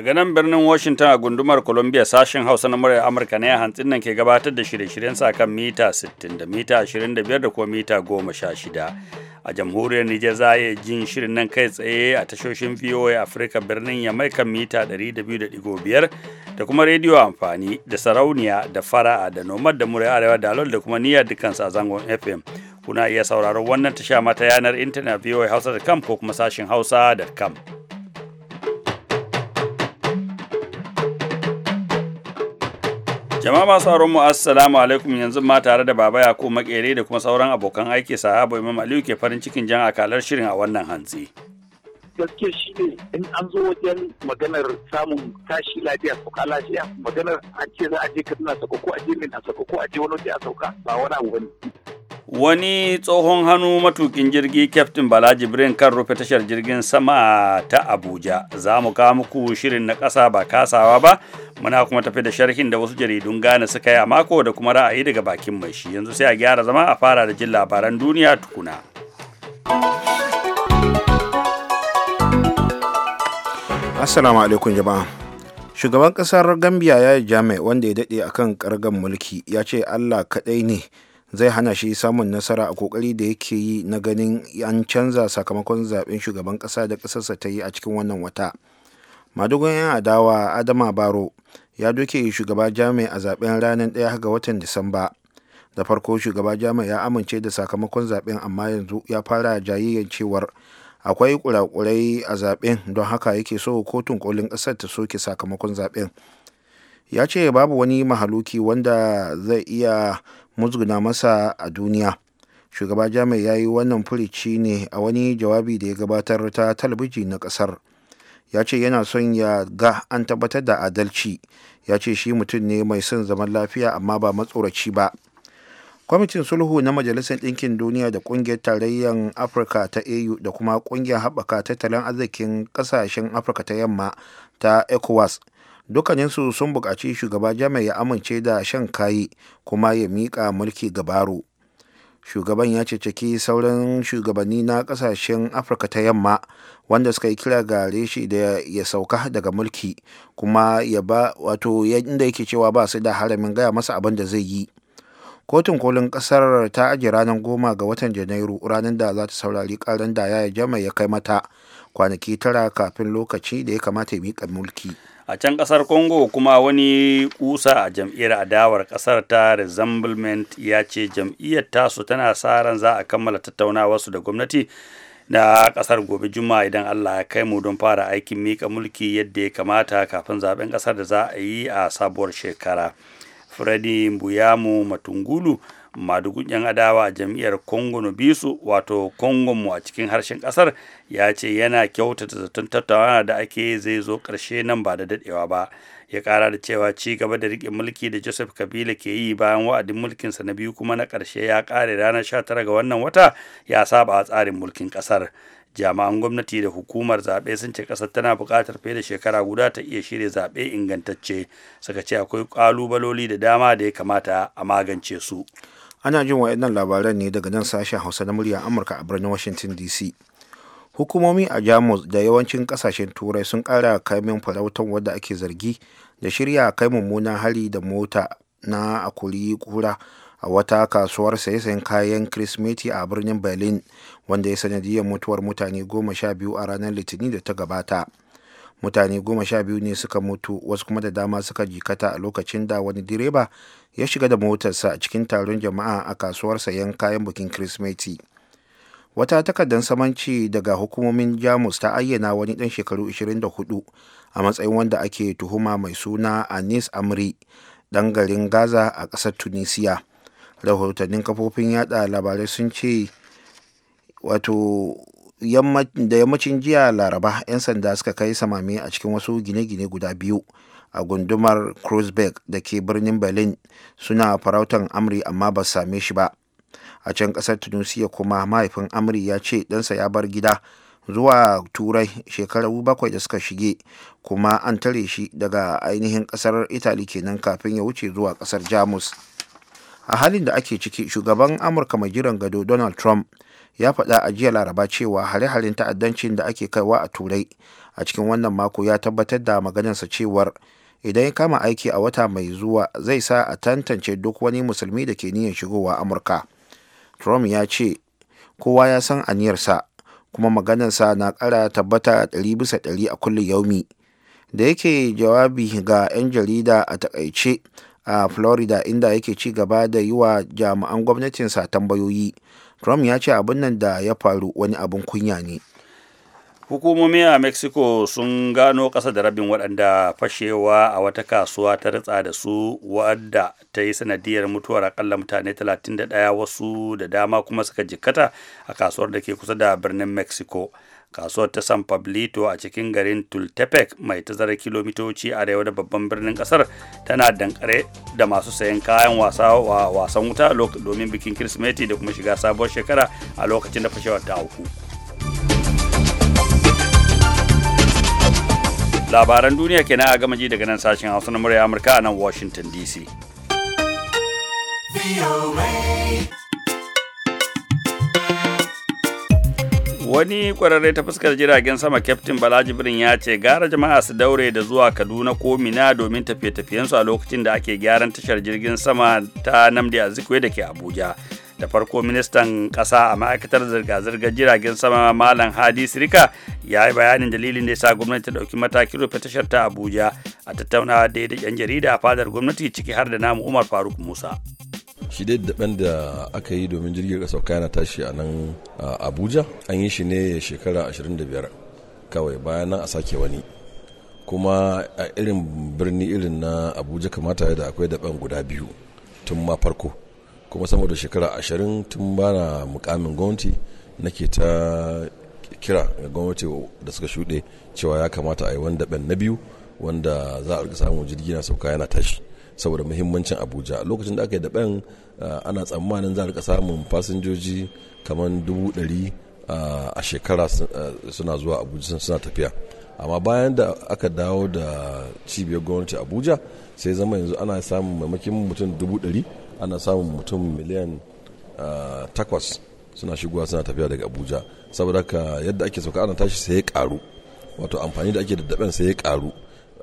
Daga nan birnin Washington a gundumar Columbia sashen Hausa na murar Amurka ne a hantsin nan ke gabatar da shirye-shiryen sa kan mita 60 da mita 25 da kuma mita 16. A jamhuriyar Nijar za a jin shirin nan kai tsaye a tashoshin VOA afirka birnin Yamai kan mita 200.5 da kuma rediyo amfani da sarauniya da fara'a da nomad da muryar arewa da da kuma niyyar dukkan a zangon FM. Kuna iya sauraron wannan tasha mata yanar intanet hausa da kam ko kuma sashen kam. Jama'a masu sauraron mu assalamu alaikum yanzu ma tare da Baba Yakubu Makere da kuma sauran abokan aiki sahabo Imam Aliyu ke farin cikin jan akalar shirin a wannan hantsi. gaske shi ne in an zo wajen maganar samun tashi lafiya sauka lafiya maganar an ce za a je kaduna sauka ko a je min a sauka ko a je wani a sauka ba wani abu bane wani tsohon hannu matukin jirgi kyaftin balaji jibrin kan rufe tashar jirgin sama ta abuja za mu kawo muku shirin na ƙasa ba kasawa ba muna kuma tafi da sharhin da wasu jaridun gane suka yi a mako da kuma ra'ayi daga bakin mai shi yanzu sai a gyara zama a fara da jin labaran duniya tukuna assalamu alaikum jama'a shugaban kasar gambia ya yi jami'a wanda ya daɗe akan kargan mulki ya ce allah kaɗai ne zai hana shi samun nasara a kokari da yake yi na ganin an canza sakamakon zaben shugaban kasa da kasarsa ta yi a cikin wannan wata madugun 'yan adawa adama baro ya doke shugaba jami a zaben ranar 1 ga watan disamba da farko shugaba jami ya amince da sakamakon zaben amma yanzu ya fara jayayyar cewar akwai kurakurai a zaben don haka yake so kotun kolin ƙasar ta soke sakamakon zaben ya ce babu wani mahaluki wanda zai iya muzguna masa a duniya shugaba jami'ai ya yi wannan furici ne a wani jawabi da ya gabatar ta talabijin na kasar ya ce yana son ya ga an tabbatar da adalci ya ce shi mutum ne mai son zaman lafiya amma ba matsoraci ba kwamitin sulhu na majalisar ɗinkin duniya da ƙungiyar tarayyar afirka ta au da kuma ƙungiyar haɓaka tattalin arzikin ƙasashen afirka ta yamma ta ecowas dukkaninsu sun buƙaci shugaba jami'a ya amince da shan kayi kuma ya miƙa mulki ga baro shugaban ya ceceki sauran shugabanni na ƙasashen afirka ta yamma wanda suka yi kira ga reshi da ya sauka daga mulki kuma ya ba wato inda yake cewa ba su da haramin gaya masa abin da zai yi kotun kolin ƙasar ta ajiye ranar goma ga watan janairu ranar da za ta saurari ƙarin da ya jama ya kai mata kwanaki tara kafin lokaci da ya kamata ya miƙa mulki a can kasar congo kuma wani kusa a jam'iyyar adawar kasar ta resemblement ya ce jam'iyyar tasu tana sa ran za a kammala su da gwamnati na kasar gobe juma'a idan allah ya kai mu don fara aikin mika mulki yadda ya kamata kafin zaben kasar da za a yi a sabuwar shekara freddy mbuyamu matungulu madugun yan adawa a jam'iyyar congo bisu wato congo mu a cikin harshen kasar ya ce yana kyautata zaton tattaunawa da ake zai zo karshe nan ba da dadewa ba ya kara da cewa ci gaba da riƙe mulki da joseph kabila ke yi bayan wa'adin mulkinsa na biyu kuma na ƙarshe ya kare ranar 19 ga wannan wata ya saba a tsarin mulkin ƙasar jami'an gwamnati da hukumar zaɓe sun ce ƙasar tana buƙatar fiye da shekara guda ta iya shirya zaɓe ingantacce suka ce akwai ƙalubaloli da dama da ya kamata a magance su ana jin waɗannan labaran ne daga nan sashen hausa na murya amurka a birnin washington dc hukumomi a jamus da yawancin kasashen turai sun kara kaimin farautan wadda ake zargi da shirya kai mummunan hari da mota na akuri kura a wata kasuwar saye-sayen kayan kirismeti a birnin berlin wanda ya sanadiyar mutuwar mutane goma sha biyu a ranar litinin da ta gabata mutane goma sha biyu ne suka mutu wasu kuma da dama suka jikata a lokacin da wani direba ya shiga da motarsa a cikin taron jama'a a kasuwar sayan kayan bukin kirismeti. wata takardar samanci daga hukumomin jamus ta ayyana wani dan shekaru 24 a matsayin wanda ake tuhuma mai suna anis amri dan garin gaza a kasar tunisia rahotannin kafofin yada labarai sun ce wato da yammacin jiya laraba 'yan sanda suka kai samami a cikin wasu gine-gine guda biyu a gundumar kreuzberg da ke birnin berlin suna farautan amri amma ba su same shi ba a can kasar tunisia kuma mahaifin amri ya ce ɗansa ya bar gida zuwa turai shekaru bakwai da suka shige kuma an tare shi daga ainihin kasar italy kenan kafin ya wuce zuwa kasar jamus a halin da ake ciki shugaban amurka mai jiran gado donald trump ya faɗa a jiya laraba cewa hare-haren ta'addancin da ake kaiwa a turai a cikin wannan mako ya tabbatar da maganarsa cewar idan ya kama aiki a wata mai zuwa zai sa a tantance duk wani musulmi da ke niyyar shigowa amurka trump ya ce kowa ya san aniyarsa kuma maganarsa na ƙara tabbata ɗari bisa ɗari a kullum yaumi da yake jawabi ga 'yan jarida a takaice a florida inda yake ci gaba da yi wa jami'an gwamnatinsa tambayoyi trump ya ce abin nan da ya faru wani abin kunya ne hukumomi a mexico sun gano ƙasa da rabin waɗanda fashewa a wata kasuwa ta ritsa da su wadda ta yi sanadiyar mutuwar akalla mutane 31 wasu da dama kuma suka jikkata a kasuwar da ke kusa da birnin mexico kasuwar ta san pablito a cikin garin tultepec mai tazarar kilomitoci arewa da babban birnin kasar tana dankare da masu sayan kayan wasa wa wasan wuta domin bikin kirsimeti da kuma shiga sabuwar shekara a lokacin da fashewar ta auku labaran duniya kenan a gama ji daga nan sashen hausa na murya amurka a nan washington dc wani kwararre ta fuskar jiragen sama captain bala birin ya ce gara jama'a su daure da zuwa kaduna ko mina domin tafiye-tafiyensu a lokacin da ake gyaran tashar jirgin sama ta namdi azikwe da ke abuja da farko ministan kasa a ma'aikatar zirga-zirgar jiragen sama malam hadi sirika ya yi bayanin dalilin da ya sa gwamnati ta ɗauki matakin rufe tashar ta abuja a tattaunawa da yan jarida a fadar gwamnati ciki har da namu umar faruk musa shi dai da aka yi domin jirgin ƙasa yana tashi a nan abuja an yi shi ne shekara 25 kawai bayan nan a sake wani kuma a irin birni irin na abuja kamata da akwai daɓen guda biyu tun ma farko kuma sama da shekara 20 tun bana mukamin gwamnati nake ta kira ga gwamnati da suka shuɗe cewa ya kamata a yi wani daban na biyu wanda za a samun jirgi na sauka yana tashi saboda muhimmancin abuja lokacin da aka yi daɓen eh, ana tsammanin za a samun fasinjoji kamar dubu ɗari eh, a shekara eh, suna zuwa abuja suna tafiya amma bayan da aka dawo da cibiyar gwamnati abuja sai zama yanzu ana samun maimakin mutum dubu ɗari ana samun mutum miliyan takwas suna shigowa suna tafiya daga abuja saboda ka yadda ake sauka ana tashi sai ya karu wato amfani da ake da daɓen sai ya karu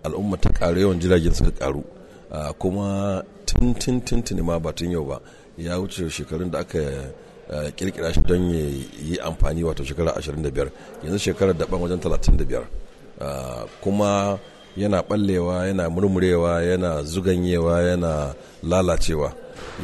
al'umma ta karu yawan jiragen suka karu Ah, kuma tuntun tuntuni ma batun yau ba ya wuce shekarun da aka ah, kirkira shi don ya yi amfani wato shekara 25 yanzu shekarar daban wajen 35 ah, kuma yana ɓallewa yana murmurewa yana zuganyewa yana lalacewa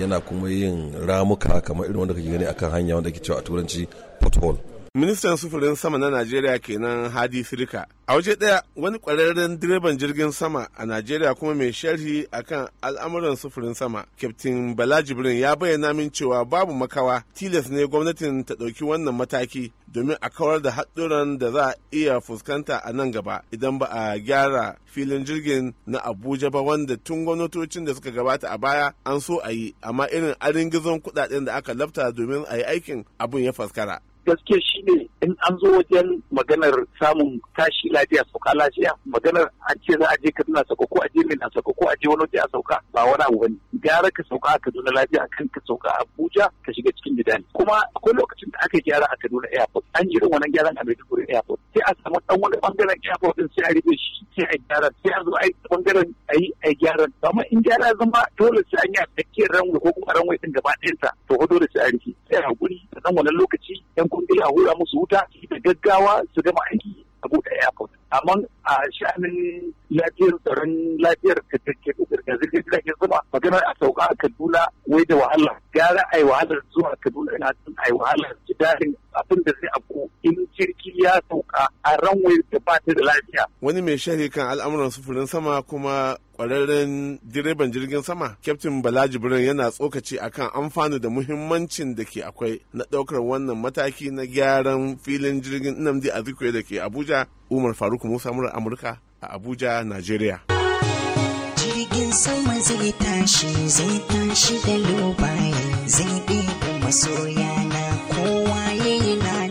yana kuma yin ramuka kamar irin wanda kake gani akan hanya wanda ake cewa a turanci pothole ministan sufurin sama na najeriya kenan hadi sirika a waje ɗaya, wani kwararren direban jirgin sama a najeriya kuma mai sharhi akan al'amuran sufurin sama kyaftin bala jibrin ya bayyana min cewa babu makawa tilas ne gwamnatin ta ɗauki wannan mataki domin a kawar da haɗuran da za a iya fuskanta a nan gaba idan ba a gyara filin jirgin na abuja ba wanda tun gwamnatocin da suka gabata a baya an so a yi amma irin arin gizon kuɗaɗen da aka lafta domin a yi aikin abin ya faskara gaske shi ne in an zo wajen maganar samun tashi lafiya sauka lafiya maganar a ce za a je kaduna sauka ko a je na sauka ko a je wani waje a sauka ba wani abu bane Gyara ka sauka a kaduna lafiya kan ka sauka a abuja ka shiga cikin gida ne kuma akwai lokacin da aka gyara a kaduna airport an yi irin wannan gyaran a maiduguri airport sai a samu dan wani bangaren airport din sai a rike shi sai a gyara sai a zo a yi bangaren a yi a gyara amma in gyara zama dole sai an yi a tsakiyar ranwai ko kuma ranwai din gaba ɗayansa to dole sai a rike sai a hakuri a dan wannan lokaci yan kun a hura musu wuta da gaggawa su gama aiki a buɗe airport amma a sha'anin lafiyar tsaron lafiyar zirga-zirga jiragen sama maganar a sauka a kaduna wai da wahala gara a yi wahalar zuwa kaduna na son a yi wahalar jidarin abin da zai abu. in jirgi ya sauka a ranwai da ba ta da lafiya. wani mai shari kan al'amuran sufurin sama kuma kwararren direban jirgin sama kyaftin Balaji Birnin yana tsokaci akan amfani da muhimmancin da ke akwai na ɗaukar wannan mataki na gyaran filin jirgin nnamdi azikiwe da ke abuja umar faruk musa murar amurka a abuja nigeria jirgin sama zai tashi zai tashi da lobaye zai kowa yayi na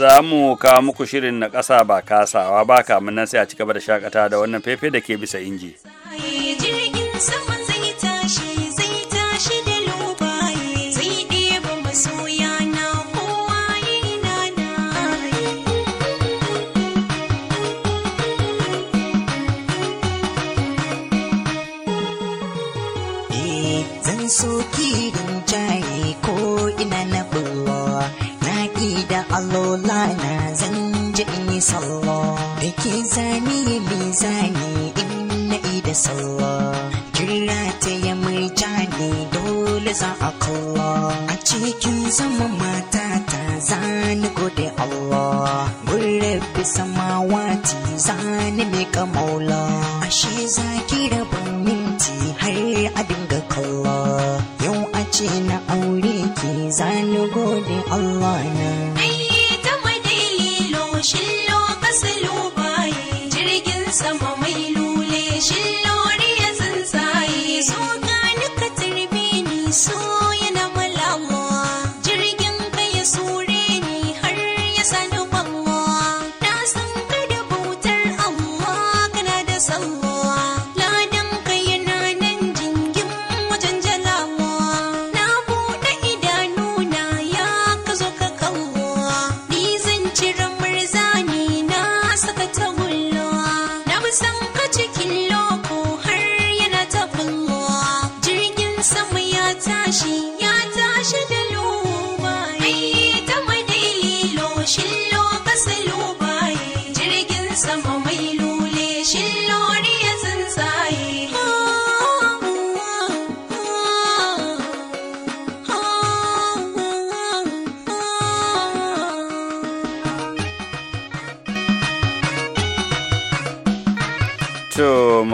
za mu kawo muku shirin na ƙasa ba kasawa ba kamun nan sai a ci gaba da shakata da wannan fefe da ke bisa inji. Ida da allola na zan ni sallo da ke zani mizani in inna da sallo kira ta ya mai ne dole za a kallo a cikin zama mata ta zani gode Allah bi samawati zani mai kamaula ashe za ki rabon minti har a dinga kallo ce na aure ke zanu gode Allah na. Ai ta madai lilo shillo ba.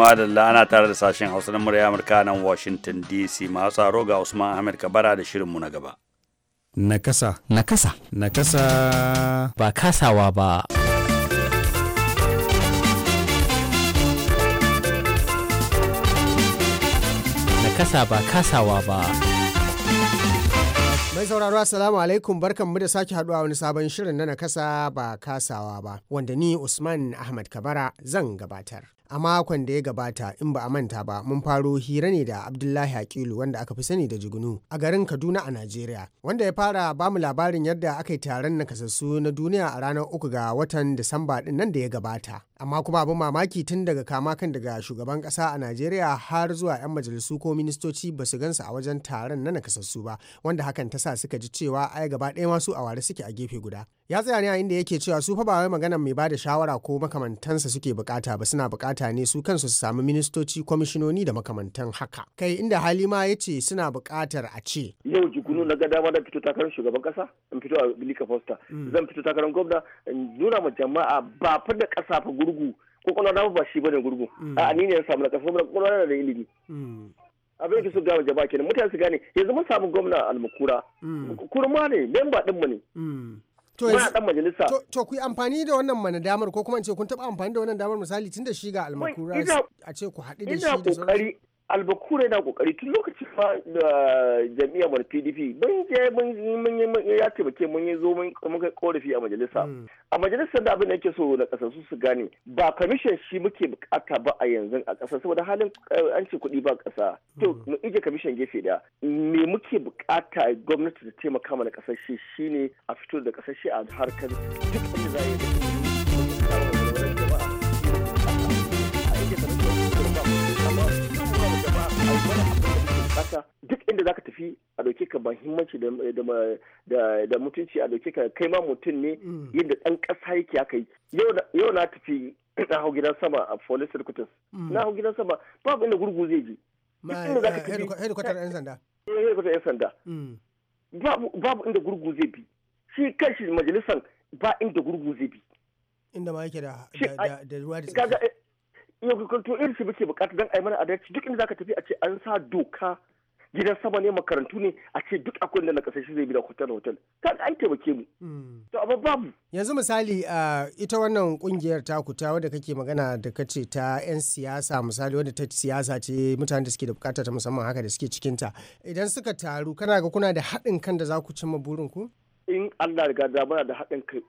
madalla ana tare da sashen hausa na murya amurka nan washington dc masu tsaro ga usman ahmed kabara da shirinmu na gaba nakasa nakasa nakasa ba kasawa ba nakasa ba kasawa ba Mai sauraro Assalamu alaikum barkanmu da sake haduwa wani sabon shirin na nakasa ba kasawa ba wanda ni Usman Ahmad Kabara zan gabatar. a makon da ya gabata in ba a manta ba mun faro hira ne da abdullahi akilu wanda aka fi sani da jigunu a garin kaduna a najeriya wanda ya fara ba mu labarin yadda aka yi taron nakasassu na duniya a ranar uku ga watan disamba din nan da ya gabata amma kuma abin mamaki tun daga kama kan daga shugaban kasa a najeriya har zuwa 'yan majalisu ko ministoci ba su gansu a wajen taron na nakasassu ba wanda hakan ta sa suka ji cewa ai gaba ɗaya masu a ware suke a gefe guda ya tsaya ne a inda yake cewa su fa ba wai magana mai bada shawara ko makamantansa suke bukata ba suna bukata ne su kansu su samu ministoci kwamishinoni da makamantan haka kai inda hali ma ya ce suna bukatar a ce yau jikunu na ga dama da fito takarar shugaban kasa in fito a bilika fosta mm. zan fito takarar gwamna in nuna ma jama'a ba fa da kasa fa gurgu ko kuma na ba shi bane gurgu mm. a ni ne ya samu na kasa kuma na da ilimi mm. abin da su gama jama'a kenan mutane su gane yanzu mun samu gwamna almakura kurma ne memba mu ne to muna dan majalisa to ku amfani da wannan mana damar ko kuma in ce kun taba amfani da wannan damar misali tun da shi ga almakura a ce ku haɗu da shi da albakura yana kokari tun lokacin fa da eh, jami'a mar pdp mun je mun ya taimake mun yi zo mun kai korafi a majalisa hmm. a majalisar da abin da yake so na kasar su su gane ba kamishin shi muke bukata ba a yanzu a kasar saboda halin eh, an ce kuɗi ba kasa to hmm. mu ije kamishin gefe da me muke bukata gwamnati ta taimaka mana kasar shi shine a fito da kasar shi a harkar duk da za yi kasa duk inda zaka tafi a dauke ka mahimmanci da mutunci a dauke ka kai ma mutum ne mm. yadda dan kasa yake aka yi yau na tafi na hau gidan sama a police headquarters mm. na hau gidan sama babu inda gurgu zai je inda zaka tafi headquarters yan sanda eh, sanda mm. babu inda gurgu zai bi shi kanshi majalisan ba inda gurgu zai bi inda ma yake da ruwa da tsaki eh, iya hukunto irin su muke bukata don a yi mana adalci duk inda zaka tafi a ce an sa doka gidan sama ne makarantu ne a ce duk akwai inda na shi zai bi da hotel hotel ta an taimake mu hmm. to amma babu yanzu misali ita wannan kungiyar ta kuta wadda kake magana da kace ta yan siyasa misali wadda ta siyasa ce mutane da suke da bukata ta musamman haka da suke cikinta idan suka taru kana ga kuna da haɗin kan da za ku cimma burin ku in Allah riga da muna da haɗin kai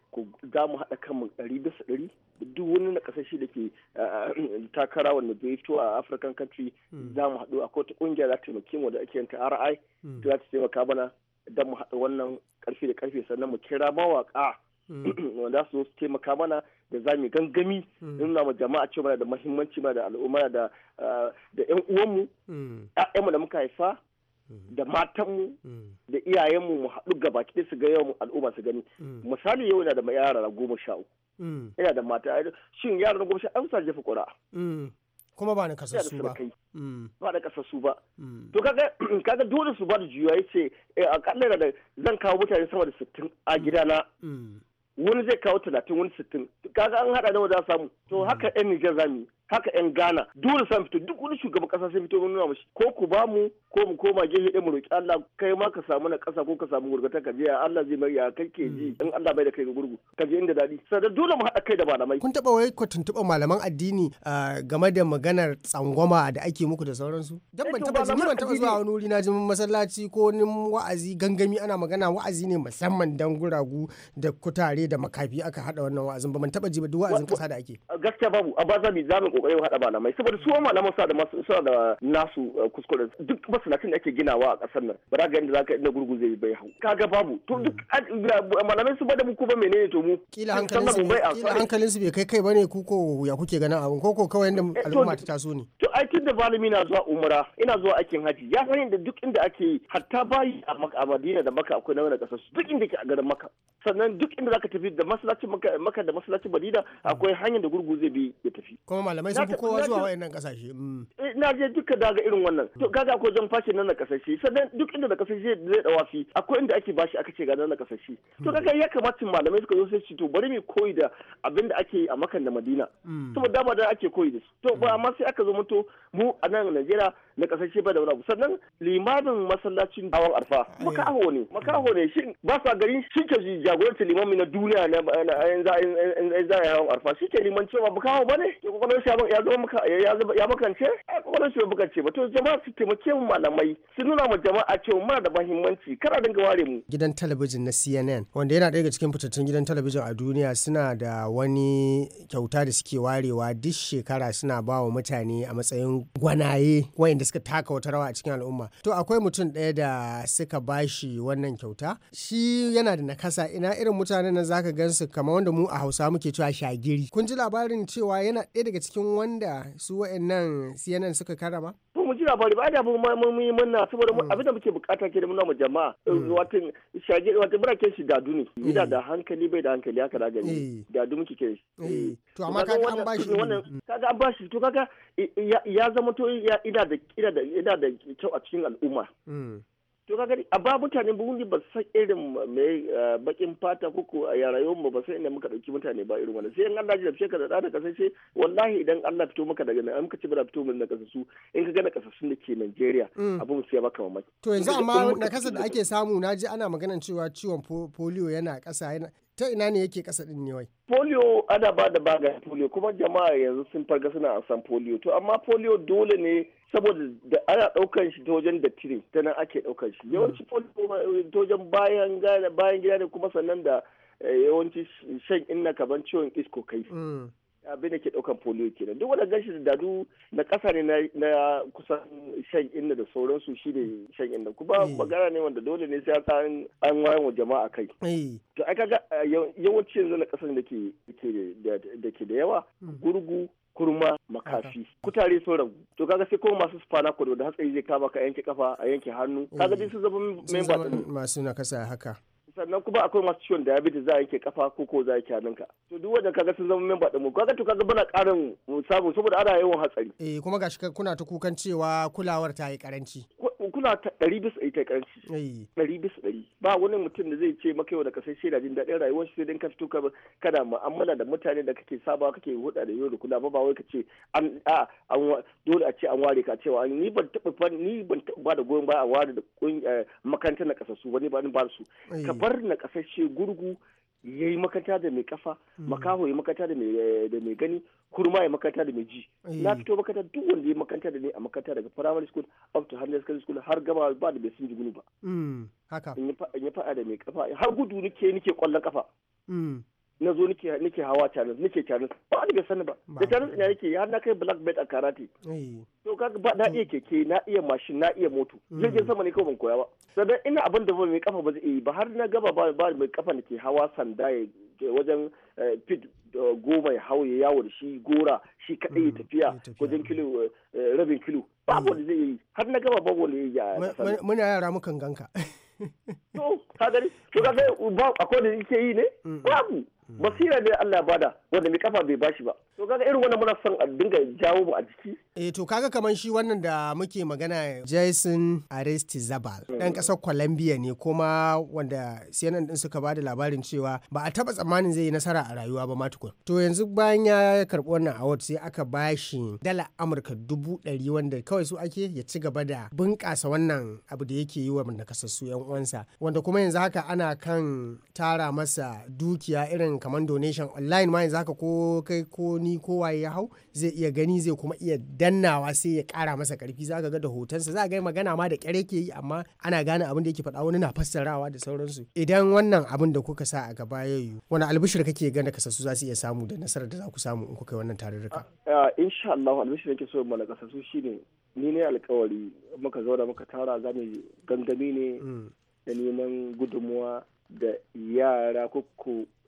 za mu haɗa kanmu ɗari bisa ɗari duk wani na ƙasashe da ke eh, takara wanda zai fito a African country hmm. za mu haɗu a kotu ƙungiya za ta taimake mu da ake yanta RI hmm. za ta taimaka mana don mu haɗa wannan ƙarfi da ƙarfi sannan mu kira mawaƙa hmm. wanda su taimaka mana da za mu gangami nuna ma jama'a cewa da muhimmanci da al'umma da yan eh, uwanmu mu da muka haifa Mhm. da matanmu mhm. da iyayenmu mu haɗu gaba ki su ga yawan al'umma su gani mhm. misali yau yana da yara goma sha uku yana da mata shin yara goma sha an sa jefa ƙura kuma ba ni kasassu ba ba da kasassu ba to kaga kaga dole su ba da juya yace eh, a kalla da zan kawo mutane sama da sittin a gidana wani zai kawo 30 wani sittin kaga an hada nawa za samu to haka ɗan Niger za mu haka yan Ghana dole san fito duk wani shugaban kasa sai fito nuna mashi ko ku ba mu ko mu koma gefe ɗaya mu roki Allah kai ma ka samu na kasa ko ka samu gurgata ka je Allah zai mai ya kai ke ji mm. in Allah bai da kai ga gurgu ka je inda daɗi sadar dole mu haɗa kai da malamai kun taɓa wai ku tuntuɓa malaman addini game da maganar tsangwama da ake muku da sauransu dan ban eh, taɓa ni ban taɓa zuwa wani wuri na jimin masallaci ko wani wa'azi gangami ana magana wa'azi ne musamman dan guragu da kutare da makafi aka haɗa wannan wa'azin ba ban taɓa ji ba duk wa'azin kasa da ake gaskiya babu a ba za mu kokarin haɗa malamai saboda su malaman suna da masu suna da nasu eh, kuskure duk latin da ake ginawa a ƙasar nan ba za ka yadda za ka inda gurguze bai hau kaga babu to hmm. duk malamai su bada muku ba menene to mu kila hankalin su bai kai kai bane ku ko ya kuke ganin abin ko ko kawai yadda eh, al'umma ta taso ne to ai tun da malami na zuwa umra ina zuwa aikin haji ya san da duk inda ake hatta bayi a Madina da maka akwai nauyin ƙasar su duk inda ke a garin maka sannan duk inda ka tafi da masallacin maka da masallacin Madina hmm. akwai hanyar da gurguze bi ya tafi kuma malamai sun fi kowa zuwa wayannan kasashe na je duka daga irin wannan to kaga ko zan fashe nan na kasashe sannan duk inda da kasashe zai dawa fi akwai inda ake bashi aka ce ga nan na kasashe to kaga ya kamata malamai suka zo sai ci to bari mu koyi da abin da ake a makan da madina saboda dama da ake koyi da su to ba amma sai aka zo mutu mu a nan najeriya na kasashe ba da wani abu sannan limamin masallacin awon arfa makaho ne makaho ne shi ba sa gari shi ke jagoranci limamin na duniya na yanzu a yanzu a yanzu a yawon arfa shi ke liman cewa makaho ba ne ke kokarin shi ya zama ya makance wannan eh, shi ce ba to jama'a su taimake mu malamai su nuna ma jama'a cewa muna da muhimmanci kada dinga ware mu gidan talabijin na CNN wanda yana daga cikin fitattun gidan talabijin a duniya suna da wani kyauta da suke warewa duk shekara suna ba wa mutane a matsayin gwanaye wayanda suka taka wata rawa a cikin al'umma to akwai mutum ɗaya da suka bashi wannan kyauta shi yana da nakasa ina irin mutanen nan zaka gansu kamar wanda mu a Hausa muke cewa shagiri kun ji labarin cewa yana ɗaya daga cikin wanda su wa'annan cnn suka karama ba mu ji labari ba da mu yi murna saboda hmm. abin da muke bukata ke da muna mu jama'a eh, hmm. wato shage wato muna kiran shi dadu ne hmm. ina da hankali bai da hankali haka da gani eh. dadu muke ke shi eh. to amma kaga an ba shi wannan ka ga an ba shi to kaga ya zama to ina da ina da ina da kyau a cikin al'umma to gani a ba mutanen burundi ba san irin mai eh, bakin fata ko a yara mu ba san inda muka dauki mutane ba irin wannan sai in Allah ya jabce ka da da kasashe wallahi idan Allah fito maka daga nan an ci bada fito mun na kasasu in ka ga na kasasun da ke Najeriya mm. abun sai baka mamaki to yanzu amma na kasa da ake samu na ji ana maganan cewa ciwon polio yana kasa ta ina ne yake kasa din ne wai polio ana ba da baga polio kuma jama'a yanzu sun farga suna an san polio to amma polio dole ne saboda da ana daukan shi ta wajen da tire ta nan ake daukan shi hmm. yawanci polio eh, wajen bayan bayan gida ne kuma sannan da eh, yawanci shan inna kaban ciwon isko kai hmm. abin da ke daukan polio kenan duk wanda gashi da dadu na kasa ne na kusan shan inna da sauransu shi ne shan inna kuma eh. magana ne wanda dole ne sai an an wayan wa jama'a kai eh. to ai kaga yawanci yanzu na kasan da ke da yawa hmm. gurgu kurma makafi kutare sauran ragu to kaga sai kuma masu spana kodo da hatsari zai kama ka yanke kafa a yanke hannu kaga eh. din su zama memba masu nakasa haka sannan kuma akwai masu ciwon diabetes za a yanke kafa ko ko za a yanke hannunka to duk wajen kaga sun zama memba da mu kaga to kaga bana karin samu saboda ana yawan hatsari eh kuma gashi kuna ta kukan cewa kulawar ta yi karanci kuna ta ɗari bisa ɗari ta ƙarshe. Eh. ɗari bisa ɗari ba wani mutum da zai ce maka yau da kasai sai da jin daɗin rayuwar shi sai dai ka fito ka da mu'amala da mutane da kake saba kake hulɗa da yau da kula ba ba wai ka ce an a an dole a ce an ware ka cewa ni ban taɓa ni ban taɓa ba da goyon ba a ware da eh, makarantar na kasassu ba ni ba ni ba su eh. ka bar na kasashe gurgu ya yi makata da mai kafa mm. makaho ya makata eh, da mai gani kurma ya makata da mai ji eh. na fito makata duk wanda ya makanta da ne a makata daga primary school up to high secondary school har gaba ba da bai sun ji ba mm, haka in ya faɗa da mai kafa har gudu nake nake kwallon kafa mm. na zo nike hawa challenge nike challenge ba ni bai sani ba da challenge ina yake har na kai black belt a karate eh. to kaga ba na mm. iya keke na iya mashin na iya moto mm. jirgin sama ne kawai ban koya ba sannan ina abin da mai kafa ba zai yi ba har na gaba ba ba mai kafa nake hawa sanda ya wajen pit eh, goma ya hau ya yawo da shi gora shi kadai mm. ya tafiya wajen kilo eh, rabin kilo babu wanda zai yi har na gaba babu wanda ya muna yara mukan ganka to ka gani to ka ga akwai da yake yi ne babu Hmm. basira ne Allah bada wanda mai kafa bai bashi ba to kaga irin wannan muna son a dinga jawo mu a jiki eh to kaga kaman shi wannan da muke magana Jason Aristizabal dan hmm. kasar Colombia ne kuma wanda CNN din suka bada labarin cewa ba a taba tsammanin zai yi nasara a rayuwa ba ma tukun to yanzu bayan ya karbi wannan award sai aka bashi dala Amurka dubu ɗari wanda kawai su ake ya ci gaba da bunƙasa wannan abu da yake yi wa nakasassu yan uwansa wanda kuma yanzu haka ana kan tara masa dukiya irin kamar donation online ma yanzu haka ko kai ko ni ko waye ya hau zai iya gani zai kuma iya dannawa sai ya kara masa karfi za ka ga da hotonsa za ka ga magana ma da kyare ke yi amma ana gane abin da yake faɗa wani na fassarawa da sauransu idan wannan abin da kuka sa a gaba ya yiwu wani albishir kake gane kasassu za su iya samu da nasarar da za ku samu in kuka yi wannan tarurruka. insha Allah albishir yake so mana shi shine ni ne alkawari muka zauna muka tara za mu gangami ne mm. da neman gudunmuwa da yara ko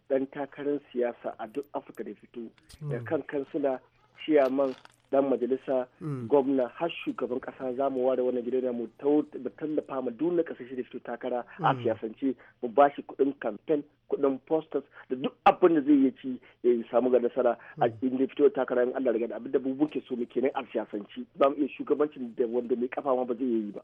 dan takarar siyasa a duk afirka da fito da hmm. kan kansila ciyaman dan majalisa hmm. gwamna har shugaban kasa za mu ware wannan gidan mu tallafa ma duna na kasashe da fito takara a hmm. siyasance mu ba shi kuɗin kamfen Kudin posters da duk abin da zai yi ci ya samu ga nasara a hmm. inda fito takara yin Allah daga abin da ke so muke nan a siyasanci ba mu iya shugabancin da wanda mai kafa ma ba zai yi ba.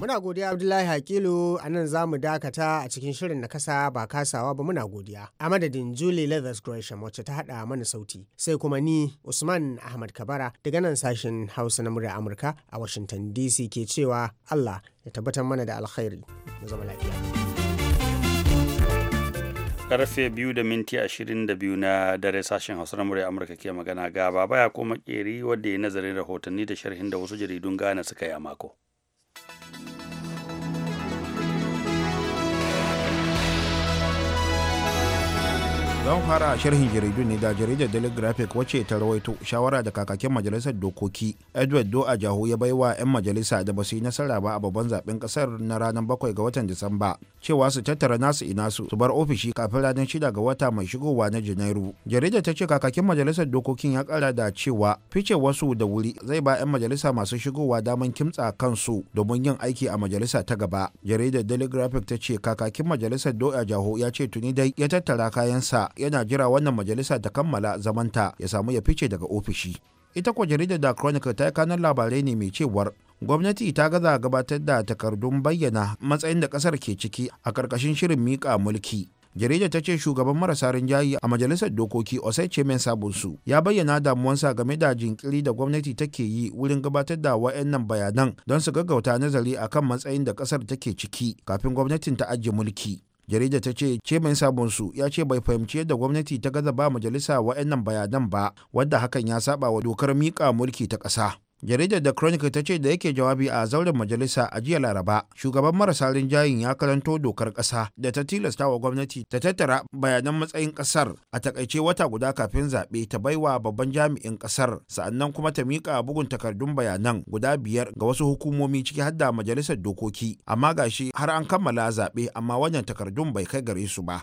Muna godiya Abdullahi Hakilu a nan za mu dakata a cikin shirin na kasa ba kasawa ba muna godiya. A madadin Julie Leathers Gresham wacce ta haɗa mana sauti sai kuma ni Usman Ahmad Kabara daga nan sashen Hausa na murya Amurka a Washington DC ke cewa Allah ya tabbatar mana da alkhairi mu zama lafiya. karfe 2 da minti 22 na dare sashen hausa na murya amurka ke magana ga baba ya koma keri wadda ya nazarin rahotanni da sharhin da wasu jaridun ghana suka yi a mako zan fara sharhin jaridu ne da jaridar daily graphic wacce ta rawaito shawara da kakakin majalisar dokoki edward do a jaho ya bai wa 'yan majalisa da ba su yi nasara ba a babban zaben kasar na ranar 7 ga watan disamba cewa su tattara nasu ina su su bar ofishi kafin ranar 6 ga wata mai shigowa na janairu jaridar ta ce kakakin majalisar dokokin ya kara da cewa fice wasu da wuri zai ba 'yan majalisa masu shigowa daman kimtsa kansu domin yin aiki a majalisa ta gaba jaridar daily graphic ta ce kakakin majalisar do a jaho ya ce tuni dai ya tattara kayansa yana jira wannan majalisa ta kammala zamanta ya samu ya fice daga ofishi ita kuwa jaridar da chronicle ta yi kanan labarai ne mai cewar gwamnati ta gaza gabatar da takardun bayyana matsayin da kasar ke ciki a karkashin shirin mika mulki jaridar ta ce shugaban marasa rinjayi a majalisar dokoki osai cemen sabunsu ya bayyana damuwansa game da jinkiri da gwamnati take yi wurin gabatar da wa'annan bayanan don su gaggauta nazari akan matsayin da kasar take ciki kafin gwamnatin ta ajiye mulki jarida ta ce sabon su ya ce bai fahimci yadda gwamnati ta gaza ba majalisa wa'annan bayanan ba wadda hakan ya saba wa dokar miƙa mulki ta ƙasa jaridar da chronicle ta ce da yake jawabi a zauren majalisa a jiya laraba shugaban marasa rinjayin ya karanto dokar kasa da ta tilasta wa gwamnati ta tattara bayanan matsayin kasar a takaice wata guda kafin zaɓe ta baiwa babban jami'in kasar sa'annan kuma ta miƙa bugun takardun bayanan guda biyar ga wasu hukumomi ciki hadda da majalisar dokoki amma gashi har an kammala zaɓe amma wannan takardun bai kai gare su ba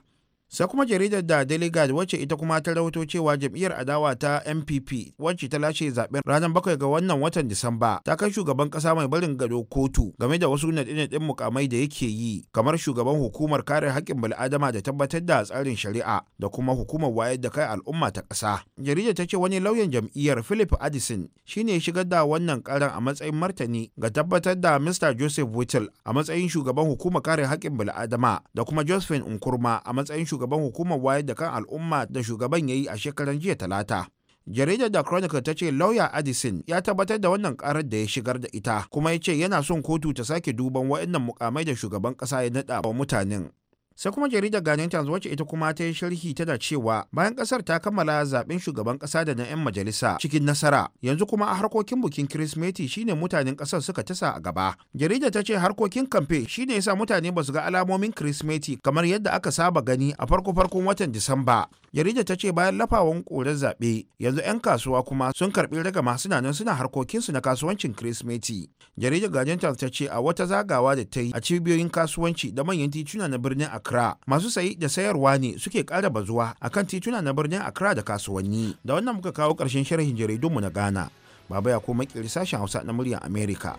sai kuma jaridar da daily guard wacce ita kuma ta rahoto cewa jam'iyyar adawa ta mpp wacce ta lashe zaben ranar bakwai ga wannan watan disamba ta kai shugaban kasa mai barin gado kotu game da wasu naɗe-naɗen mukamai da yake yi kamar shugaban hukumar kare haƙƙin bil'adama da tabbatar da tsarin shari'a da kuma hukumar wayar da kai al'umma ta ƙasa jaridar ta ce wani lauyan jam'iyyar philip addison shine shigar da wannan karan a matsayin martani ga tabbatar da mr joseph whittle a matsayin shugaban hukumar kare haƙƙin bil'adama da kuma josephine nkurma a matsayin shugaban shugaban hukumar wayar da kan al'umma da shugaban ya yi a shekaran jiya talata jaridar da chronicle ta ce lauya addison ya tabbatar da wannan karar da ya shigar da ita kuma ya ce yana son kotu ta sake duban waɗannan mukamai da shugaban ƙasa ya naɗa wa mutanen sai kuma jaridar ganin times wacce ita kuma ta yi sharhi ta da cewa bayan kasar ta kammala zaben shugaban kasa da na 'yan majalisa cikin nasara yanzu kuma a harkokin bukin kirismeti shine mutanen kasar suka tasa a gaba jaridar ta ce harkokin kamfe shine yasa mutane ba su ga alamomin kirismeti kamar yadda aka saba gani a farko farkon watan disamba Yarija ta ce bayan lafawan korar zaɓe yanzu 'yan kasuwa kuma sun karɓi ragama masu nan suna harkokinsu na kasuwancin Kirsimeti. Yarija Gajenta ta ce a wata zagawa da ta yi a cibiyoyin kasuwanci da manyan tituna na birnin Accra masu sayi da sayarwa ne suke ƙara bazuwa kan tituna na birnin Accra da kasuwanni. Da wannan muka kawo ƙarshen sharhin jaridunmu na Ghana. Baba ya kuma sashen Hausa na muryar Amerika.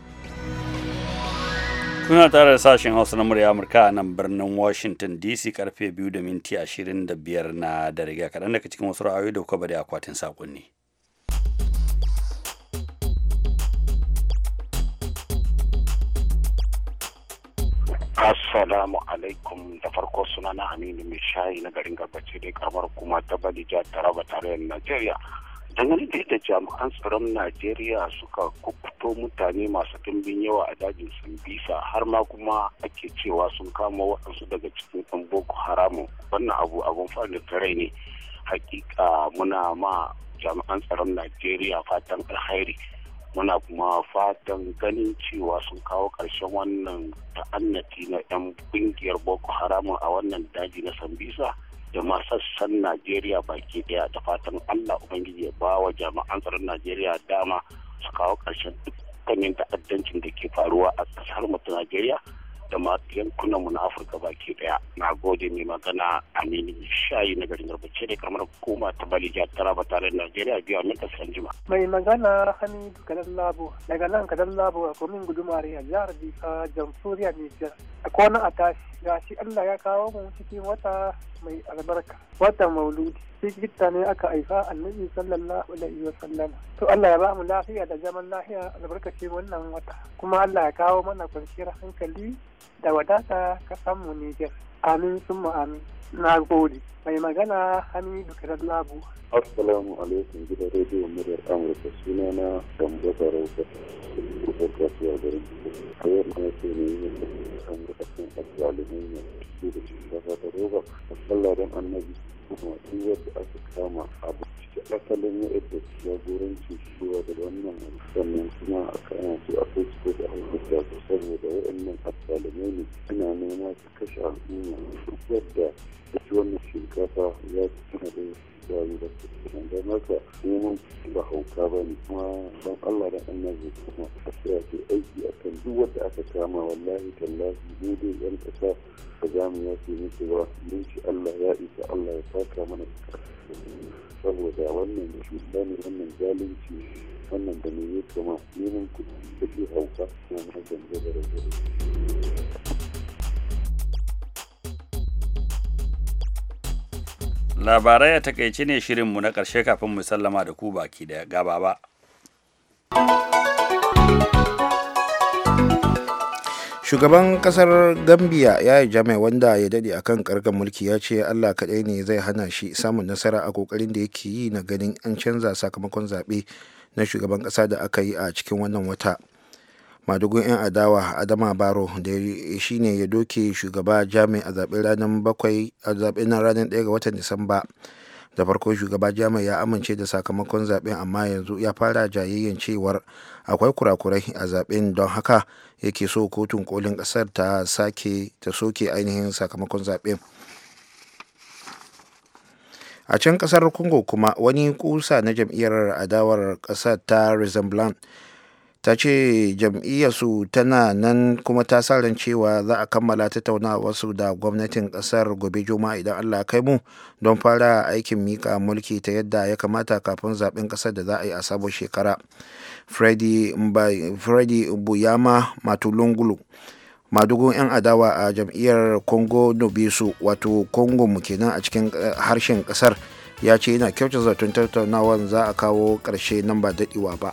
Kuna tare da sashen Hausa na murya Amurka a nan birnin Washington DC karfe 2 da minti 25 na dare ga kaɗan daga cikin wasu ra'ayoyi da kuka bari akwatin saƙonni. Assalamu alaikum da farko sunana Aminu Mishayi na garin Garbace da karamar kuma ta Balija Taraba tarayyar Najeriya. dangane da jami'an tsaron najeriya suka kukuto mutane masu dimbin yawa a dajin sambisa har ma kuma ake cewa sun kama waɗansu daga cikin ɗan boko haramun wannan abu abun fadin rai ne hakika muna ma jami'an tsaron najeriya fatan alhairi muna kuma fatan ganin cewa sun kawo ƙarshen wannan ta'annati na 'yan ƙungiyar boko haramun a wannan daji na sambisa da sassan Najeriya baki daya da fatan Allah Ubangiji ya ba wa jami'an tsaron Najeriya dama su kawo ƙarshen dukkanin ta'addancin da ke faruwa a ƙasar mu ta Najeriya da ma yankunan mu na Afirka baki daya. Na gode mai magana Aminu Shayi na garin Garbace da kamar hukuma ta Bali jihar Taraba tare da Najeriya biyu a mintar Sanjima. Mai magana Hamidu Kadan Labo daga nan Kadan Labo a komin gudumare a jihar Bisa Jamfuriya Nijar. A kwana a tashi gashi Allah ya kawo mu cikin wata mai albarka wata mauludi sai ne aka haifa annabi sallallahu alaihi wa sallam to Allah ya ba mu lafiya da zaman lafiya albarkaci wannan wata kuma Allah ya kawo mana kwanciyar hankali da wadata ka samu ne amin summa amin Na gode. Mai magana Hamidu Karar Labu. Assalamu alaikum gidan rediyon muryar Amurka suna na Gambo Sarauta. Kusan kasuwa garin A yau na ce ne yin Amurka sun azzalimin ne. Su da cikin kasa da roba. Allah don annabi. kuma in yadda aka kama abu cikin asalin ya jagoranci shiwa da wannan sannan kuma a kama su a kai da hukunta su saboda waɗannan asalimai ne suna nema su kashe al'umma duk wanda da ci wannan shinkafa ya ci tana da jawo da su don haka neman ba hauka ba ne kuma don allah da annabi kuma a tsaya ke aiki a kan duk wanda aka kama wallahi tallahi mu dai yan kasa ba za mu yafe musu ba mun allah ya isa allah ya saka mana saboda wannan cuta ne wannan zalunci wannan da ne ya kama neman kuɗi da ke hauka kuma na zanzara da labarai a takaice ne shirinmu na ƙarshe kafin mu sallama da ku baki da gaba ba shugaban kasar gambia ya yi jami'a wanda ya dade akan karkar mulki ya ce allah kaɗai ne zai hana shi samun nasara a kokarin da yake yi na ganin an canza sakamakon zaɓe na shugaban ƙasa da aka yi a cikin wannan wata madugun 'yan adawa adama baro da shine ya doke shugaba jami a zaben ranar bakwai a ranar ɗaya ga watan disamba da farko shugaba jami ya amince da sakamakon zaben amma yanzu ya fara jayayyan cewar akwai kurakurai a zaɓen don haka yake so kotun kolin ƙasar ta sake ta soke ainihin sakamakon zaben a can ƙasar congo kuma wani kusa na jam'iyyar adawar ƙasar ta resemblance ta ce jam'iyyarsu tana nan kuma ta sa cewa za a kammala tattaunawarsu da gwamnatin kasar gobe juma'a idan allah kai mu don fara aikin mika mulki ta yadda ya kamata kafin zaben kasar da za a yi a sabon shekara freddy buyama matulungulu madugun 'yan adawa a jam'iyyar congo nobisu wato congo mu kenan a cikin eh, harshen kasar ya ce yana kyautar zaton tattaunawar za a kawo ƙarshe nan ba daɗewa ba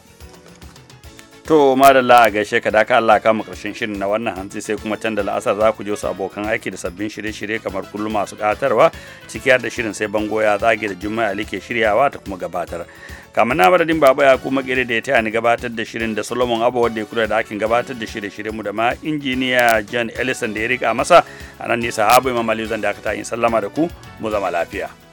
To madalla a gaishe ka daka Allah kama karshen shirin na wannan hantsi sai kuma can da la'asar za ku je su abokan aiki da sabbin shirye-shirye kamar kullum masu ƙatarwa ciki har da shirin sai bango ya zage da Juma'a Ali shiryawa ta kuma gabatar. kamar na madadin baba ya kuma gere da ya taya ni gabatar da shirin da solomon abu wanda ya kula da hakin gabatar da shirye shirye mu da ma injiniya john ellison da ya rika masa a nan nisa habu imam aliyu zan da aka ta yin sallama da ku mu zama lafiya